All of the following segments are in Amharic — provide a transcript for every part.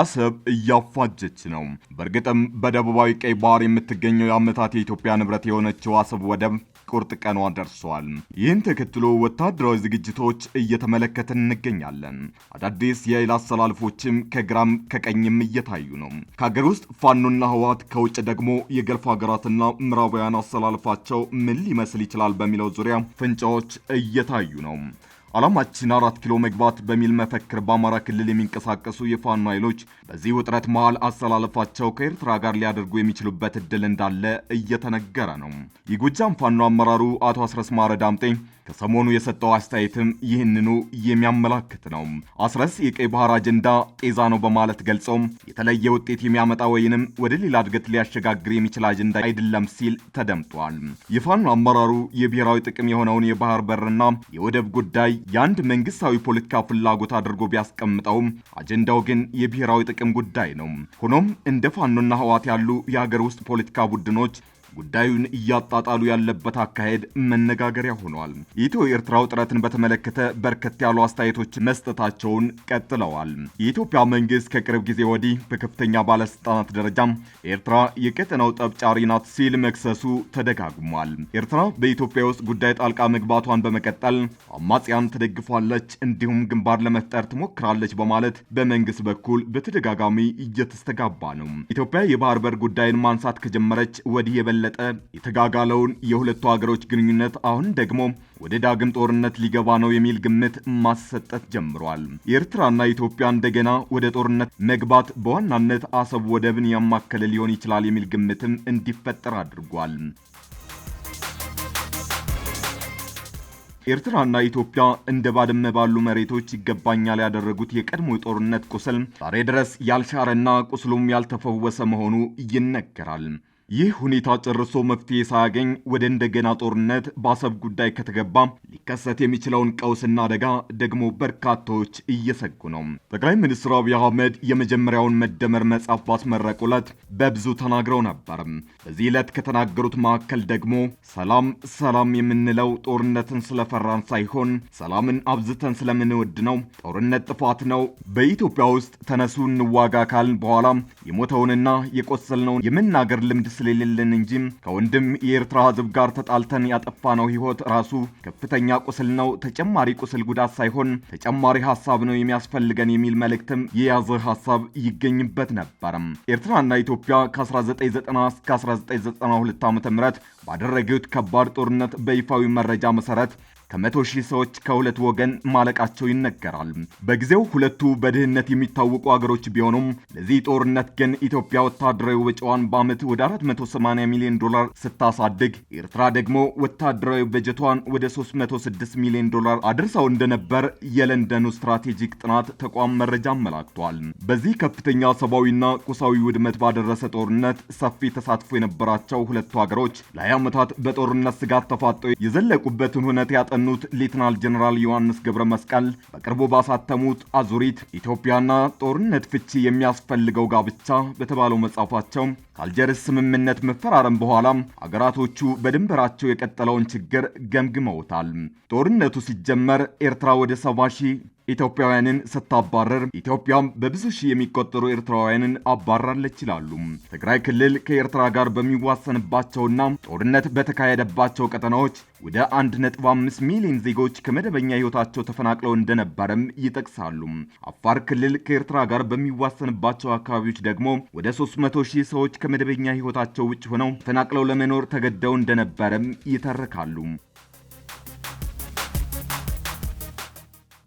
አሰብ እያፋጀች ነው። በእርግጥም በደቡባዊ ቀይ ባህር የምትገኘው የአመታት የኢትዮጵያ ንብረት የሆነችው አሰብ ወደብ ቁርጥ ቀኗ ደርሷል። ይህን ተከትሎ ወታደራዊ ዝግጅቶች እየተመለከትን እንገኛለን። አዳዲስ የኃይል አሰላልፎችም ከግራም ከቀኝም እየታዩ ነው። ከሀገር ውስጥ ፋኖና ህወሓት፣ ከውጭ ደግሞ የገልፍ ሀገራትና ምዕራባውያን አሰላልፋቸው ምን ሊመስል ይችላል በሚለው ዙሪያ ፍንጫዎች እየታዩ ነው። ዓላማችን አራት ኪሎ መግባት በሚል መፈክር በአማራ ክልል የሚንቀሳቀሱ የፋኖ ኃይሎች በዚህ ውጥረት መሃል አሰላለፋቸው ከኤርትራ ጋር ሊያደርጉ የሚችሉበት እድል እንዳለ እየተነገረ ነው። የጎጃም ፋኖ አመራሩ አቶ አስረስ ማረ ዳምጤ ከሰሞኑ የሰጠው አስተያየትም ይህንኑ የሚያመላክት ነው። አስረስ የቀይ ባህር አጀንዳ ጤዛ ነው በማለት ገልጸውም የተለየ ውጤት የሚያመጣ ወይንም ወደ ሌላ እድገት ሊያሸጋግር የሚችል አጀንዳ አይደለም ሲል ተደምጧል። የፋኖ አመራሩ የብሔራዊ ጥቅም የሆነውን የባህር በርና የወደብ ጉዳይ የአንድ መንግስታዊ ፖለቲካ ፍላጎት አድርጎ ቢያስቀምጠውም አጀንዳው ግን የብሔራዊ ጥቅም ጉዳይ ነው። ሆኖም እንደ ፋኖና ህዋት ያሉ የሀገር ውስጥ ፖለቲካ ቡድኖች ጉዳዩን እያጣጣሉ ያለበት አካሄድ መነጋገሪያ ሆኗል። የኢትዮ ኤርትራ ውጥረትን በተመለከተ በርከት ያሉ አስተያየቶች መስጠታቸውን ቀጥለዋል። የኢትዮጵያ መንግስት ከቅርብ ጊዜ ወዲህ በከፍተኛ ባለስልጣናት ደረጃ ኤርትራ የቀጠናው ጠብጫሪ ናት ሲል መክሰሱ ተደጋግሟል። ኤርትራ በኢትዮጵያ ውስጥ ጉዳይ ጣልቃ መግባቷን በመቀጠል አማጽያን ትደግፏለች፣ እንዲሁም ግንባር ለመፍጠር ትሞክራለች በማለት በመንግስት በኩል በተደጋጋሚ እየተስተጋባ ነው። ኢትዮጵያ የባህር በር ጉዳይን ማንሳት ከጀመረች ወዲህ የበላ የበለጠ የተጋጋለውን የሁለቱ ሀገሮች ግንኙነት አሁን ደግሞ ወደ ዳግም ጦርነት ሊገባ ነው የሚል ግምት ማሰጠት ጀምሯል። የኤርትራና ኢትዮጵያ እንደገና ወደ ጦርነት መግባት በዋናነት አሰብ ወደብን ያማከለ ሊሆን ይችላል የሚል ግምትም እንዲፈጠር አድርጓል። ኤርትራና ኢትዮጵያ እንደ ባድመ ባሉ መሬቶች ይገባኛል ያደረጉት የቀድሞ ጦርነት ቁስል ዛሬ ድረስ ያልሻረና ቁስሉም ያልተፈወሰ መሆኑ ይነገራል። ይህ ሁኔታ ጨርሶ መፍትሄ ሳያገኝ ወደ እንደገና ጦርነት በአሰብ ጉዳይ ከተገባ ሊከሰት የሚችለውን ቀውስና አደጋ ደግሞ በርካታዎች እየሰጉ ነው። ጠቅላይ ሚኒስትር አብይ አህመድ የመጀመሪያውን መደመር መጽሐፍ ባስመረቁ ዕለት በብዙ ተናግረው ነበር። በዚህ ዕለት ከተናገሩት መካከል ደግሞ ሰላም ሰላም የምንለው ጦርነትን ስለፈራን ሳይሆን ሰላምን አብዝተን ስለምንወድ ነው። ጦርነት ጥፋት ነው። በኢትዮጵያ ውስጥ ተነሱ እንዋጋ ካልን በኋላ የሞተውንና የቆሰልነውን የመናገር ልምድ ስለሌለን እንጂ ከወንድም የኤርትራ ሕዝብ ጋር ተጣልተን ያጠፋ ነው ሕይወት ራሱ ከፍተኛ ቁስል ነው፣ ተጨማሪ ቁስል ጉዳት ሳይሆን ተጨማሪ ሀሳብ ነው የሚያስፈልገን የሚል መልእክትም የያዘ ሀሳብ ይገኝበት ነበር። ኤርትራና ኢትዮጵያ ከ1990 እስከ 1992 ዓ.ም ባደረጉት ከባድ ጦርነት በይፋዊ መረጃ መሰረት ከመቶ ሺህ ሰዎች ከሁለት ወገን ማለቃቸው ይነገራል። በጊዜው ሁለቱ በድህነት የሚታወቁ አገሮች ቢሆኑም ለዚህ ጦርነት ግን ኢትዮጵያ ወታደራዊ ወጪዋን በዓመት ወደ 480 ሚሊዮን ዶላር ስታሳድግ፣ ኤርትራ ደግሞ ወታደራዊ በጀቷን ወደ 306 ሚሊዮን ዶላር አድርሰው እንደነበር የለንደኑ ስትራቴጂክ ጥናት ተቋም መረጃ አመላክቷል። በዚህ ከፍተኛ ሰብአዊና ቁሳዊ ውድመት ባደረሰ ጦርነት ሰፊ ተሳትፎ የነበራቸው ሁለቱ አገሮች ለሀያ ዓመታት በጦርነት ስጋት ተፋጠው የዘለቁበትን ሁነት ያጠኑት ሌትናል ጀኔራል ዮሐንስ ገብረ መስቀል በቅርቡ ባሳተሙት አዙሪት ኢትዮጵያና ጦርነት ፍቺ የሚያስፈልገው ጋብቻ በተባለው መጽሐፋቸው ከአልጀርስ ስምምነት መፈራረም በኋላም አገራቶቹ በድንበራቸው የቀጠለውን ችግር ገምግመውታል። ጦርነቱ ሲጀመር ኤርትራ ወደ ሰባ ሺህ ኢትዮጵያውያንን ስታባረር ኢትዮጵያም በብዙ ሺህ የሚቆጠሩ ኤርትራውያንን አባራለች ይላሉ። ትግራይ ክልል ከኤርትራ ጋር በሚዋሰንባቸውና ጦርነት በተካሄደባቸው ቀጠናዎች ወደ 1.5 ሚሊዮን ዜጎች ከመደበኛ ህይወታቸው ተፈናቅለው እንደነበረም ይጠቅሳሉ። አፋር ክልል ከኤርትራ ጋር በሚዋሰንባቸው አካባቢዎች ደግሞ ወደ 300 ሺህ ሰዎች ከመደበኛ ህይወታቸው ውጭ ሆነው ተፈናቅለው ለመኖር ተገደው እንደነበረም ይተርካሉ።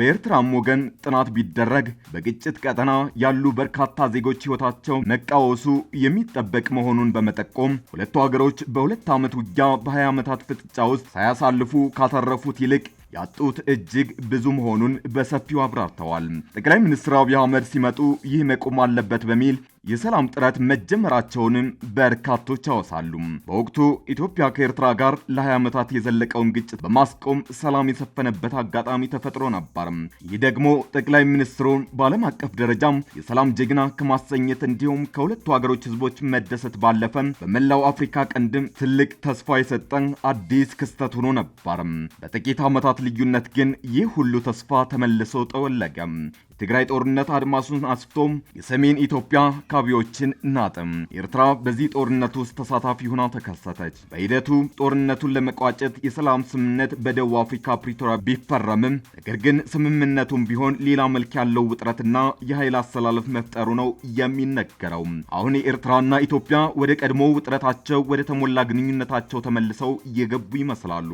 በኤርትራም ወገን ጥናት ቢደረግ በግጭት ቀጠና ያሉ በርካታ ዜጎች ሕይወታቸው መቃወሱ የሚጠበቅ መሆኑን በመጠቆም ሁለቱ ሀገሮች በሁለት ዓመት ውጊያ በ20 ዓመታት ፍጥጫ ውስጥ ሳያሳልፉ ካተረፉት ይልቅ ያጡት እጅግ ብዙ መሆኑን በሰፊው አብራርተዋል። ጠቅላይ ሚኒስትር አብይ አህመድ ሲመጡ ይህ መቆም አለበት በሚል የሰላም ጥረት መጀመራቸውንም በርካቶች ያወሳሉ። በወቅቱ ኢትዮጵያ ከኤርትራ ጋር ለ20 ዓመታት የዘለቀውን ግጭት በማስቆም ሰላም የሰፈነበት አጋጣሚ ተፈጥሮ ነበር። ይህ ደግሞ ጠቅላይ ሚኒስትሩን በዓለም አቀፍ ደረጃ የሰላም ጀግና ከማሰኘት እንዲሁም ከሁለቱ ሀገሮች ህዝቦች መደሰት ባለፈ በመላው አፍሪካ ቀንድም ትልቅ ተስፋ የሰጠን አዲስ ክስተት ሆኖ ነበር። በጥቂት ዓመታት ልዩነት ግን ይህ ሁሉ ተስፋ ተመልሶ ጠወለገ። የትግራይ ጦርነት አድማሱን አስፍቶ የሰሜን ኢትዮጵያ አካባቢዎችን ናጥም። ኤርትራ በዚህ ጦርነት ውስጥ ተሳታፊ ሆና ተከሰተች። በሂደቱ ጦርነቱን ለመቋጨት የሰላም ስምምነት በደቡብ አፍሪካ ፕሪቶሪያ ቢፈረምም ነገር ግን ስምምነቱም ቢሆን ሌላ መልክ ያለው ውጥረትና የኃይል አሰላለፍ መፍጠሩ ነው የሚነገረው። አሁን የኤርትራና ኢትዮጵያ ወደ ቀድሞ ውጥረታቸው ወደ ተሞላ ግንኙነታቸው ተመልሰው እየገቡ ይመስላሉ።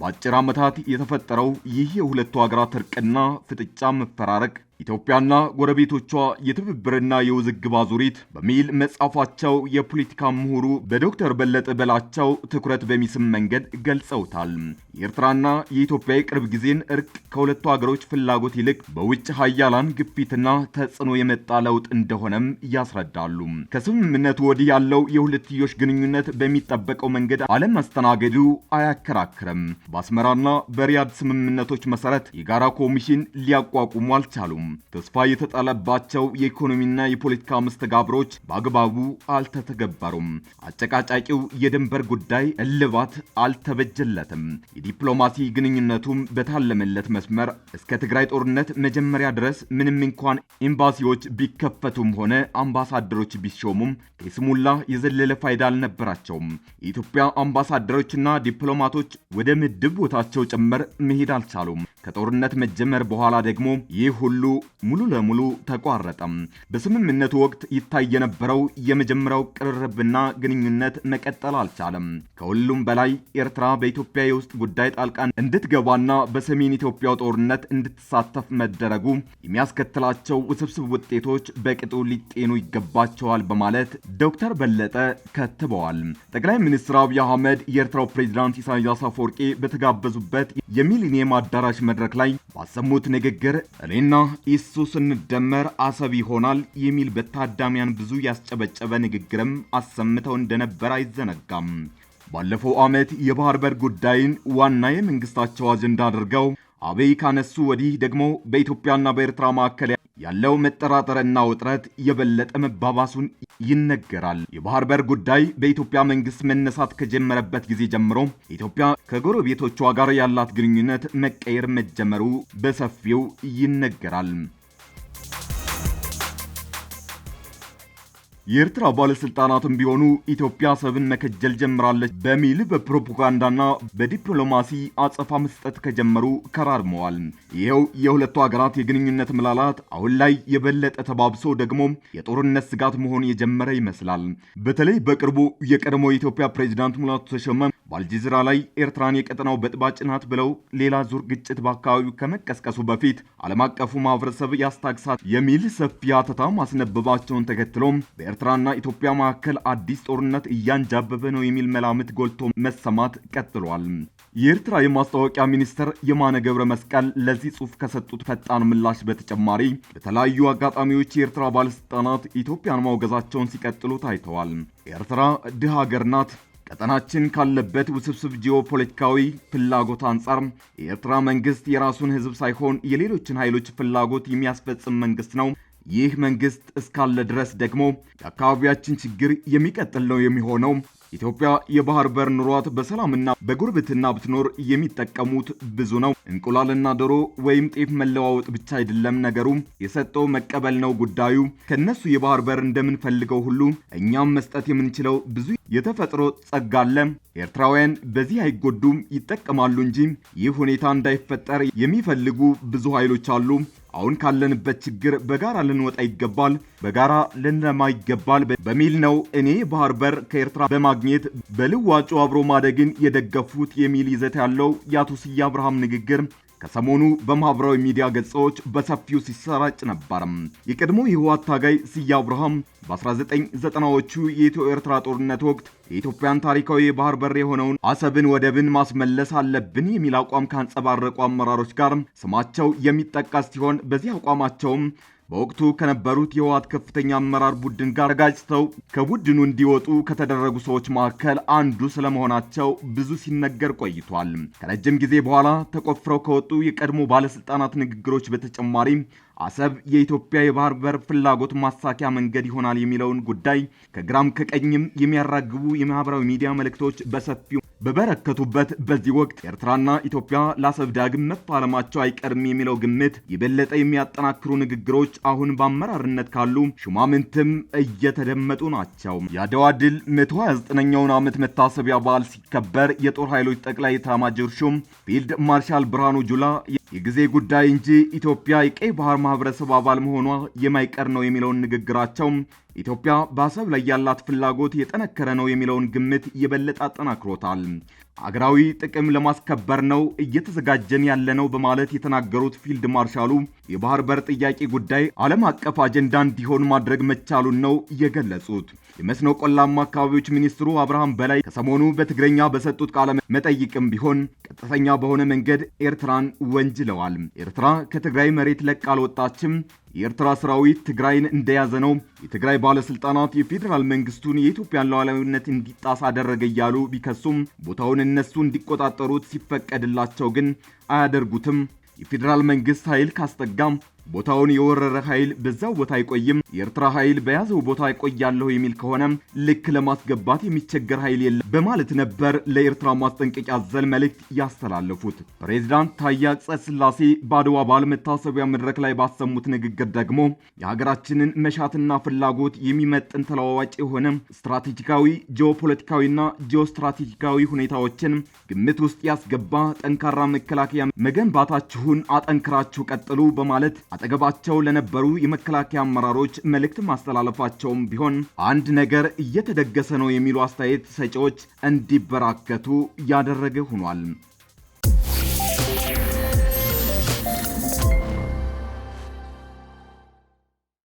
በአጭር ዓመታት የተፈጠረው ይህ የሁለቱ ሀገራት እርቅና ፍጥጫ መፈራረቅ ኢትዮጵያና ጎረቤቶቿ የትብብርና የውዝግብ አዙሪት በሚል መጽሐፋቸው የፖለቲካ ምሁሩ በዶክተር በለጠ በላቸው ትኩረት በሚስም መንገድ ገልጸውታል። የኤርትራና የኢትዮጵያ የቅርብ ጊዜን እርቅ ከሁለቱ ሀገሮች ፍላጎት ይልቅ በውጭ ሀያላን ግፊትና ተጽዕኖ የመጣ ለውጥ እንደሆነም ያስረዳሉ። ከስምምነቱ ወዲህ ያለው የሁለትዮሽ ግንኙነት በሚጠበቀው መንገድ አለመስተናገዱ አያከራክርም። በአስመራና በሪያድ ስምምነቶች መሰረት የጋራ ኮሚሽን ሊያቋቁሙ አልቻሉም። ተስፋ የተጣለባቸው የኢኮኖሚና የፖለቲካ መስተጋብሮች በአግባቡ አልተተገበሩም። አጨቃጫቂው የድንበር ጉዳይ እልባት አልተበጀለትም። የዲፕሎማሲ ግንኙነቱም በታለመለት መስመር እስከ ትግራይ ጦርነት መጀመሪያ ድረስ ምንም እንኳን ኤምባሲዎች ቢከፈቱም ሆነ አምባሳደሮች ቢሾሙም ከይስሙላ የዘለለ ፋይዳ አልነበራቸውም። የኢትዮጵያ አምባሳደሮችና ዲፕሎማቶች ወደ ምድብ ቦታቸው ጭምር መሄድ አልቻሉም። ከጦርነት መጀመር በኋላ ደግሞ ይህ ሁሉ ሙሉ ለሙሉ ተቋረጠም። በስምምነቱ ወቅት ይታይ የነበረው የመጀመሪያው ቅርርብና ግንኙነት መቀጠል አልቻለም። ከሁሉም በላይ ኤርትራ በኢትዮጵያ የውስጥ ጉዳይ ጣልቃን እንድትገባና በሰሜን ኢትዮጵያው ጦርነት እንድትሳተፍ መደረጉ የሚያስከትላቸው ውስብስብ ውጤቶች በቅጡ ሊጤኑ ይገባቸዋል በማለት ዶክተር በለጠ ከትበዋል። ጠቅላይ ሚኒስትር አብይ አህመድ የኤርትራው ፕሬዚዳንት ኢሳያስ አፈወርቂ በተጋበዙበት የሚሊኒየም አዳራሽ መ መድረክ ላይ ባሰሙት ንግግር እኔና ኢሱ ስንደመር አሰብ ይሆናል የሚል በታዳሚያን ብዙ ያስጨበጨበ ንግግርም አሰምተው እንደነበር አይዘነጋም። ባለፈው ዓመት የባህር በር ጉዳይን ዋና የመንግስታቸው አጀንዳ አድርገው አብይ ካነሱ ወዲህ ደግሞ በኢትዮጵያና በኤርትራ መካከል ያለው መጠራጠርና ውጥረት የበለጠ መባባሱን ይነገራል። የባህር በር ጉዳይ በኢትዮጵያ መንግስት መነሳት ከጀመረበት ጊዜ ጀምሮ ኢትዮጵያ ከጎረቤቶቿ ጋር ያላት ግንኙነት መቀየር መጀመሩ በሰፊው ይነገራል። የኤርትራ ባለስልጣናትም ቢሆኑ ኢትዮጵያ ሰብን መከጀል ጀምራለች በሚል በፕሮፓጋንዳና በዲፕሎማሲ አጸፋ መስጠት ከጀመሩ ከራርመዋል። ይኸው የሁለቱ ሀገራት የግንኙነት ምላላት አሁን ላይ የበለጠ ተባብሶ ደግሞ የጦርነት ስጋት መሆን የጀመረ ይመስላል። በተለይ በቅርቡ የቀድሞ የኢትዮጵያ ፕሬዚዳንት ሙላቱ ተሾመ በአልጀዚራ ላይ ኤርትራን የቀጠናው በጥባጭ ናት ብለው ሌላ ዙር ግጭት በአካባቢው ከመቀስቀሱ በፊት ዓለም አቀፉ ማህበረሰብ ያስታግሳት የሚል ሰፊ አተታ ማስነበባቸውን ተከትሎም በኤርትራና ኢትዮጵያ መካከል አዲስ ጦርነት እያንጃበበ ነው የሚል መላምት ጎልቶ መሰማት ቀጥሏል። የኤርትራ የማስታወቂያ ሚኒስትር የማነ ገብረ መስቀል ለዚህ ጽሑፍ ከሰጡት ፈጣን ምላሽ በተጨማሪ በተለያዩ አጋጣሚዎች የኤርትራ ባለስልጣናት ኢትዮጵያን ማውገዛቸውን ሲቀጥሉ ታይተዋል። ኤርትራ ድሃ ሀገር ናት። ቀጠናችን ካለበት ውስብስብ ጂኦፖለቲካዊ ፍላጎት አንጻር የኤርትራ መንግስት የራሱን ህዝብ ሳይሆን የሌሎችን ኃይሎች ፍላጎት የሚያስፈጽም መንግስት ነው ይህ መንግስት እስካለ ድረስ ደግሞ የአካባቢያችን ችግር የሚቀጥል ነው የሚሆነው። ኢትዮጵያ የባህር በር ኑሯት በሰላምና በጉርብትና ብትኖር የሚጠቀሙት ብዙ ነው። እንቁላልና ዶሮ ወይም ጤፍ መለዋወጥ ብቻ አይደለም ነገሩ፣ የሰጠው መቀበል ነው ጉዳዩ። ከነሱ የባህር በር እንደምንፈልገው ሁሉ እኛም መስጠት የምንችለው ብዙ የተፈጥሮ ጸጋ አለ። ኤርትራውያን በዚህ አይጎዱም፣ ይጠቀማሉ እንጂ። ይህ ሁኔታ እንዳይፈጠር የሚፈልጉ ብዙ ኃይሎች አሉ። አሁን ካለንበት ችግር በጋራ ልንወጣ ይገባል፣ በጋራ ልንለማ ይገባል በሚል ነው እኔ ባህር በር ከኤርትራ በማግኘት በልዋጩ አብሮ ማደግን የደገፉት የሚል ይዘት ያለው የአቶ ስዬ አብርሃም ንግግር ከሰሞኑ በማህበራዊ ሚዲያ ገጾች በሰፊው ሲሰራጭ ነበር። የቀድሞ የህወሓት ታጋይ ስዬ አብርሃም በ1990ዎቹ የኢትዮ ኤርትራ ጦርነት ወቅት የኢትዮጵያን ታሪካዊ የባህር በር የሆነውን አሰብን ወደብን ማስመለስ አለብን የሚል አቋም ካንጸባረቁ አመራሮች ጋር ስማቸው የሚጠቀስ ሲሆን በዚህ አቋማቸውም በወቅቱ ከነበሩት የህወሓት ከፍተኛ አመራር ቡድን ጋር ጋጭተው ከቡድኑ እንዲወጡ ከተደረጉ ሰዎች መካከል አንዱ ስለመሆናቸው ብዙ ሲነገር ቆይቷል። ከረጅም ጊዜ በኋላ ተቆፍረው ከወጡ የቀድሞ ባለስልጣናት ንግግሮች በተጨማሪም አሰብ የኢትዮጵያ የባህር በር ፍላጎት ማሳኪያ መንገድ ይሆናል የሚለውን ጉዳይ ከግራም ከቀኝም የሚያራግቡ የማህበራዊ ሚዲያ መልእክቶች በሰፊው በበረከቱበት በዚህ ወቅት ኤርትራና ኢትዮጵያ ለአሰብ ዳግም መፋለማቸው አይቀርም የሚለው ግምት የበለጠ የሚያጠናክሩ ንግግሮች አሁን በአመራርነት ካሉ ሹማምንትም እየተደመጡ ናቸው። የአድዋ ድል 129ኛውን ዓመት መታሰቢያ በዓል ሲከበር የጦር ኃይሎች ጠቅላይ ኤታማዦር ሹም ፊልድ ማርሻል ብርሃኑ ጁላ የጊዜ ጉዳይ እንጂ ኢትዮጵያ የቀይ ባህር ማህበረሰብ አባል መሆኗ የማይቀር ነው የሚለውን ንግግራቸው ኢትዮጵያ በአሰብ ላይ ያላት ፍላጎት የጠነከረ ነው የሚለውን ግምት የበለጠ አጠናክሮታል። አገራዊ ጥቅም ለማስከበር ነው እየተዘጋጀን ያለነው በማለት የተናገሩት ፊልድ ማርሻሉ የባህር በር ጥያቄ ጉዳይ ዓለም አቀፍ አጀንዳ እንዲሆን ማድረግ መቻሉን ነው የገለጹት። የመስኖ ቆላማ አካባቢዎች ሚኒስትሩ አብርሃም በላይ ከሰሞኑ በትግረኛ በሰጡት ቃለ መጠይቅም ቢሆን ቀጥተኛ በሆነ መንገድ ኤርትራን ወንጅ ወንጅለዋል። ኤርትራ ከትግራይ መሬት ለቃ አልወጣችም፣ የኤርትራ ሰራዊት ትግራይን እንደያዘ ነው፣ የትግራይ ባለስልጣናት የፌዴራል መንግስቱን የኢትዮጵያን ሉዓላዊነት እንዲጣስ አደረገ እያሉ ቢከሱም ቦታውን እነሱ እንዲቆጣጠሩት ሲፈቀድላቸው ግን አያደርጉትም። የፌዴራል መንግስት ኃይል ካስጠጋም ቦታውን የወረረ ኃይል በዛው ቦታ አይቆይም። የኤርትራ ኃይል በያዘው ቦታ ይቆያለሁ የሚል ከሆነ ልክ ለማስገባት የሚቸገር ኃይል የለም በማለት ነበር ለኤርትራ ማስጠንቀቂያ ዘል መልእክት ያስተላለፉት። ፕሬዚዳንት ታዬ አጽቀሥላሴ በአድዋ በዓል መታሰቢያ መድረክ ላይ ባሰሙት ንግግር ደግሞ የሀገራችንን መሻትና ፍላጎት የሚመጥን ተለዋዋጭ የሆነ ስትራቴጂካዊ፣ ጂኦፖለቲካዊና ጂኦስትራቴጂካዊ ሁኔታዎችን ግምት ውስጥ ያስገባ ጠንካራ መከላከያ መገንባታችሁን አጠንክራችሁ ቀጥሉ በማለት አጠገባቸው ለነበሩ የመከላከያ አመራሮች መልእክት ማስተላለፋቸውም ቢሆን አንድ ነገር እየተደገሰ ነው የሚሉ አስተያየት ሰጪዎች እንዲበራከቱ ያደረገ ሆኗል።